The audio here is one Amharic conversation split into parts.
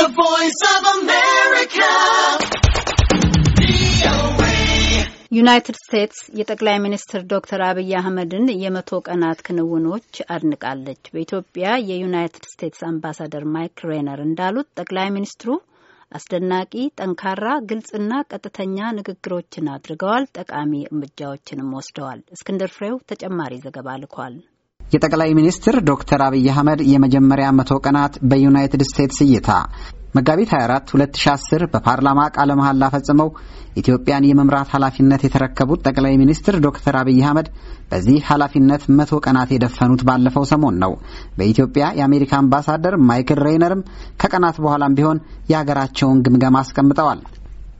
The Voice of America. ዩናይትድ ስቴትስ የጠቅላይ ሚኒስትር ዶክተር አብይ አህመድን የመቶ ቀናት ክንውኖች አድንቃለች። በኢትዮጵያ የዩናይትድ ስቴትስ አምባሳደር ማይክ ሬነር እንዳሉት ጠቅላይ ሚኒስትሩ አስደናቂ፣ ጠንካራ፣ ግልጽና ቀጥተኛ ንግግሮችን አድርገዋል። ጠቃሚ እርምጃዎችንም ወስደዋል። እስክንድር ፍሬው ተጨማሪ ዘገባ ልኳል። የጠቅላይ ሚኒስትር ዶክተር አብይ አህመድ የመጀመሪያ መቶ ቀናት በዩናይትድ ስቴትስ እይታ መጋቢት 24 2010 በፓርላማ ቃለ መሐላ ፈጽመው ኢትዮጵያን የመምራት ኃላፊነት የተረከቡት ጠቅላይ ሚኒስትር ዶክተር አብይ አህመድ በዚህ ኃላፊነት መቶ ቀናት የደፈኑት ባለፈው ሰሞን ነው። በኢትዮጵያ የአሜሪካ አምባሳደር ማይክል ሬይነርም ከቀናት በኋላም ቢሆን የሀገራቸውን ግምገማ አስቀምጠዋል።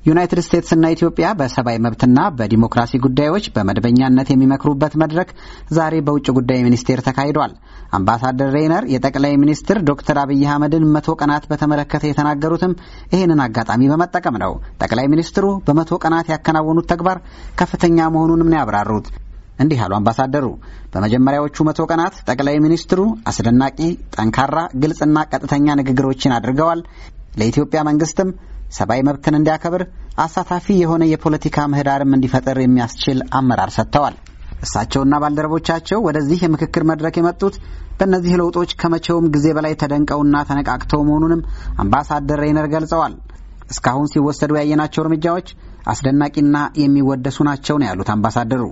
ዩናይትድ ስቴትስና ኢትዮጵያ በሰብአዊ መብትና በዲሞክራሲ ጉዳዮች በመደበኛነት የሚመክሩበት መድረክ ዛሬ በውጭ ጉዳይ ሚኒስቴር ተካሂዷል። አምባሳደር ሬይነር የጠቅላይ ሚኒስትር ዶክተር አብይ አህመድን መቶ ቀናት በተመለከተ የተናገሩትም ይህንን አጋጣሚ በመጠቀም ነው። ጠቅላይ ሚኒስትሩ በመቶ ቀናት ያከናወኑት ተግባር ከፍተኛ መሆኑንም ነው ያብራሩት። እንዲህ አሉ አምባሳደሩ። በመጀመሪያዎቹ መቶ ቀናት ጠቅላይ ሚኒስትሩ አስደናቂ፣ ጠንካራ፣ ግልጽና ቀጥተኛ ንግግሮችን አድርገዋል። ለኢትዮጵያ መንግስትም ሰብአዊ መብትን እንዲያከብር አሳታፊ የሆነ የፖለቲካ ምህዳርም እንዲፈጠር የሚያስችል አመራር ሰጥተዋል። እሳቸውና ባልደረቦቻቸው ወደዚህ የምክክር መድረክ የመጡት በእነዚህ ለውጦች ከመቼውም ጊዜ በላይ ተደንቀውና ተነቃቅተው መሆኑንም አምባሳደር ሬይነር ገልጸዋል። እስካሁን ሲወሰዱ ያየናቸው እርምጃዎች አስደናቂና የሚወደሱ ናቸው ነው ያሉት አምባሳደሩ።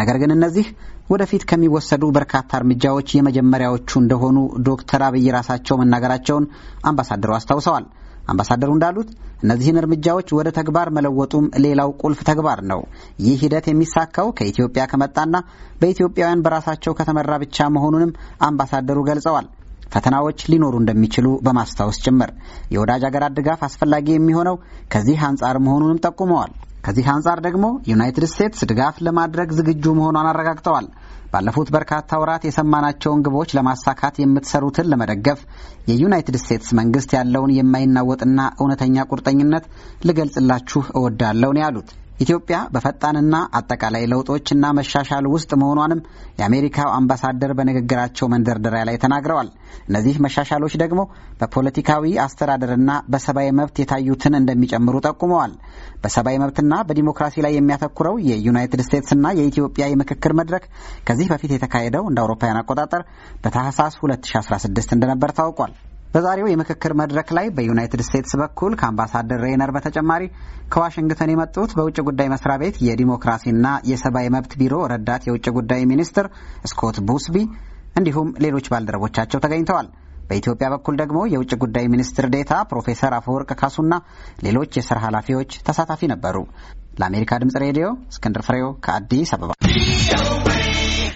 ነገር ግን እነዚህ ወደፊት ከሚወሰዱ በርካታ እርምጃዎች የመጀመሪያዎቹ እንደሆኑ ዶክተር አብይ ራሳቸው መናገራቸውን አምባሳደሩ አስታውሰዋል። አምባሳደሩ እንዳሉት እነዚህን እርምጃዎች ወደ ተግባር መለወጡም ሌላው ቁልፍ ተግባር ነው። ይህ ሂደት የሚሳካው ከኢትዮጵያ ከመጣና በኢትዮጵያውያን በራሳቸው ከተመራ ብቻ መሆኑንም አምባሳደሩ ገልጸዋል። ፈተናዎች ሊኖሩ እንደሚችሉ በማስታወስ ጭምር የወዳጅ አገራት ድጋፍ አስፈላጊ የሚሆነው ከዚህ አንጻር መሆኑንም ጠቁመዋል። ከዚህ አንጻር ደግሞ ዩናይትድ ስቴትስ ድጋፍ ለማድረግ ዝግጁ መሆኗን አረጋግጠዋል። ባለፉት በርካታ ወራት የሰማናቸውን ግቦች ለማሳካት የምትሰሩትን ለመደገፍ የዩናይትድ ስቴትስ መንግስት ያለውን የማይናወጥና እውነተኛ ቁርጠኝነት ልገልጽላችሁ እወዳለሁ ነው ያሉት። ኢትዮጵያ በፈጣንና አጠቃላይ ለውጦችና መሻሻል ውስጥ መሆኗንም የአሜሪካው አምባሳደር በንግግራቸው መንደርደሪያ ላይ ተናግረዋል። እነዚህ መሻሻሎች ደግሞ በፖለቲካዊ አስተዳደርና በሰብአዊ መብት የታዩትን እንደሚጨምሩ ጠቁመዋል። በሰብአዊ መብትና በዲሞክራሲ ላይ የሚያተኩረው የዩናይትድ ስቴትስና የኢትዮጵያ የምክክር መድረክ ከዚህ በፊት የተካሄደው እንደ አውሮፓውያን አቆጣጠር በታህሳስ 2016 እንደነበር ታውቋል። በዛሬው የምክክር መድረክ ላይ በዩናይትድ ስቴትስ በኩል ከአምባሳደር ሬይነር በተጨማሪ ከዋሽንግተን የመጡት በውጭ ጉዳይ መስሪያ ቤት የዲሞክራሲና የሰብአዊ መብት ቢሮ ረዳት የውጭ ጉዳይ ሚኒስትር ስኮት ቡስቢ እንዲሁም ሌሎች ባልደረቦቻቸው ተገኝተዋል። በኢትዮጵያ በኩል ደግሞ የውጭ ጉዳይ ሚኒስትር ዴታ ፕሮፌሰር አፈወርቅ ካሱና ሌሎች የስራ ኃላፊዎች ተሳታፊ ነበሩ። ለአሜሪካ ድምጽ ሬዲዮ እስክንድር ፍሬው ከአዲስ አበባ